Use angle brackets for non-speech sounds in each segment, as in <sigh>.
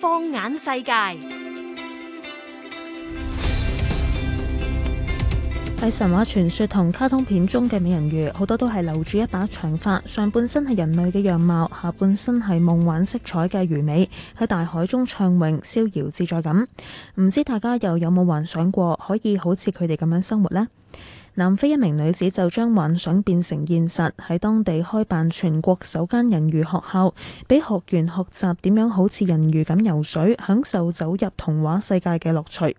放眼世界。喺神話傳說同卡通片中嘅美人魚，好多都係留住一把長髮，上半身係人類嘅樣貌，下半身係夢幻色彩嘅魚尾，喺大海中暢泳，逍遙自在咁。唔知大家又有冇幻想過可以好似佢哋咁樣生活呢？南非一名女子就將幻想變成現實，喺當地開辦全國首間人魚學校，俾學員學習點樣好似人魚咁游水，享受走入童話世界嘅樂趣。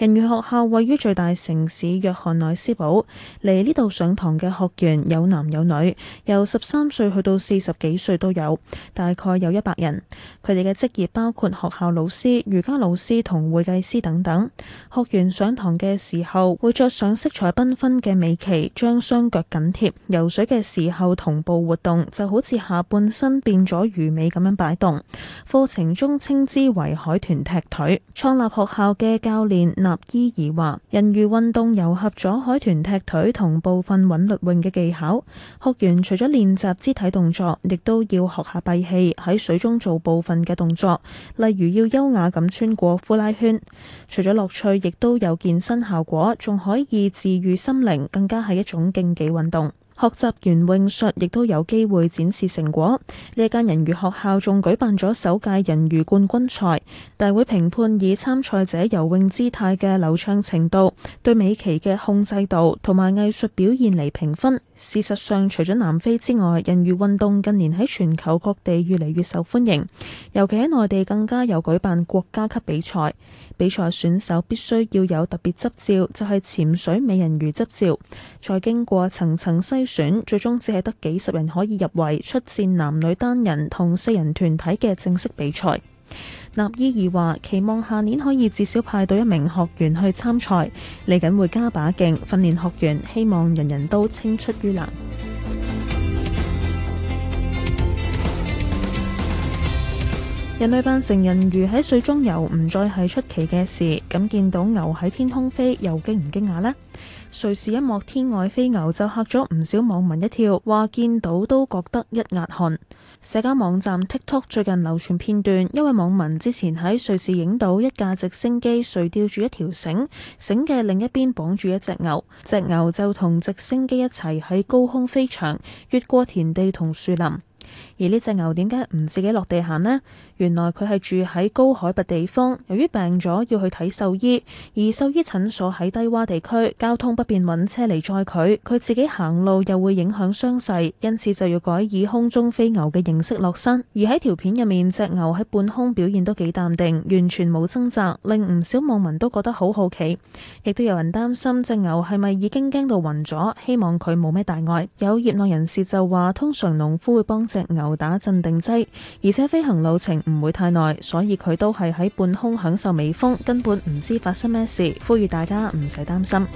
人魚學校位於最大城市約翰內斯堡，嚟呢度上堂嘅學員有男有女，由十三歲去到四十幾歲都有，大概有一百人。佢哋嘅職業包括學校老師、瑜伽老師同會計師等等。學員上堂嘅時候會着上色彩繽紛嘅尾鰭，將雙腳緊貼，游水嘅時候同步活動，就好似下半身變咗魚尾咁樣擺動。課程中稱之為海豚踢腿。創立學校嘅教練，納伊爾話，人魚運動糅合咗海豚踢腿同部分韻律泳嘅技巧，學員除咗練習肢體動作，亦都要學下閉氣喺水中做部分嘅動作，例如要優雅咁穿過呼拉圈。除咗樂趣，亦都有健身效果，仲可以治癒心靈，更加係一種競技運動。學習完泳術亦都有機會展示成果。呢間人魚學校仲舉辦咗首屆人魚冠軍賽，大會評判以參賽者游泳姿態嘅流暢程度、對尾鰭嘅控制度同埋藝術表現嚟評分。事實上，除咗南非之外，人魚運動近年喺全球各地越嚟越受歡迎，尤其喺內地更加有舉辦國家級比賽。比賽選手必須要有特別執照，就係潛水美人魚執照。再經過層層篩選，最終只係得幾十人可以入圍，出戰男女單人同四人團體嘅正式比賽。納伊爾話：期望下年可以至少派到一名學員去參賽，嚟緊會加把勁訓練學員，希望人人都青出於藍。 <music> 人類扮成人魚喺水中游唔再係出奇嘅事，咁見到牛喺天空飛又驚唔驚訝呢？瑞士一幕天外飛牛就嚇咗唔少網民一跳，話見到都覺得一額汗。社交網站 TikTok 最近流傳片段，一位網民之前喺瑞士影到一架直升機垂吊住一條繩，繩嘅另一邊綁住一隻牛，隻牛就同直升機一齊喺高空飛翔，越過田地同樹林。而呢隻牛點解唔自己落地行呢？原來佢係住喺高海拔地方，由於病咗要去睇獸醫，而獸醫診所喺低洼地區，交通不便，搵車嚟載佢，佢自己行路又會影響傷勢，因此就要改以空中飛牛嘅形式落山。而喺條片入面，隻牛喺半空表現都幾淡定，完全冇掙扎，令唔少網民都覺得好好奇，亦都有人擔心隻牛係咪已經驚到暈咗？希望佢冇咩大礙。有業內人士就話，通常農夫會幫隻牛打鎮定劑，而且飛行路程唔會太耐，所以佢都係喺半空享受微風，根本唔知發生咩事，呼籲大家唔使擔心。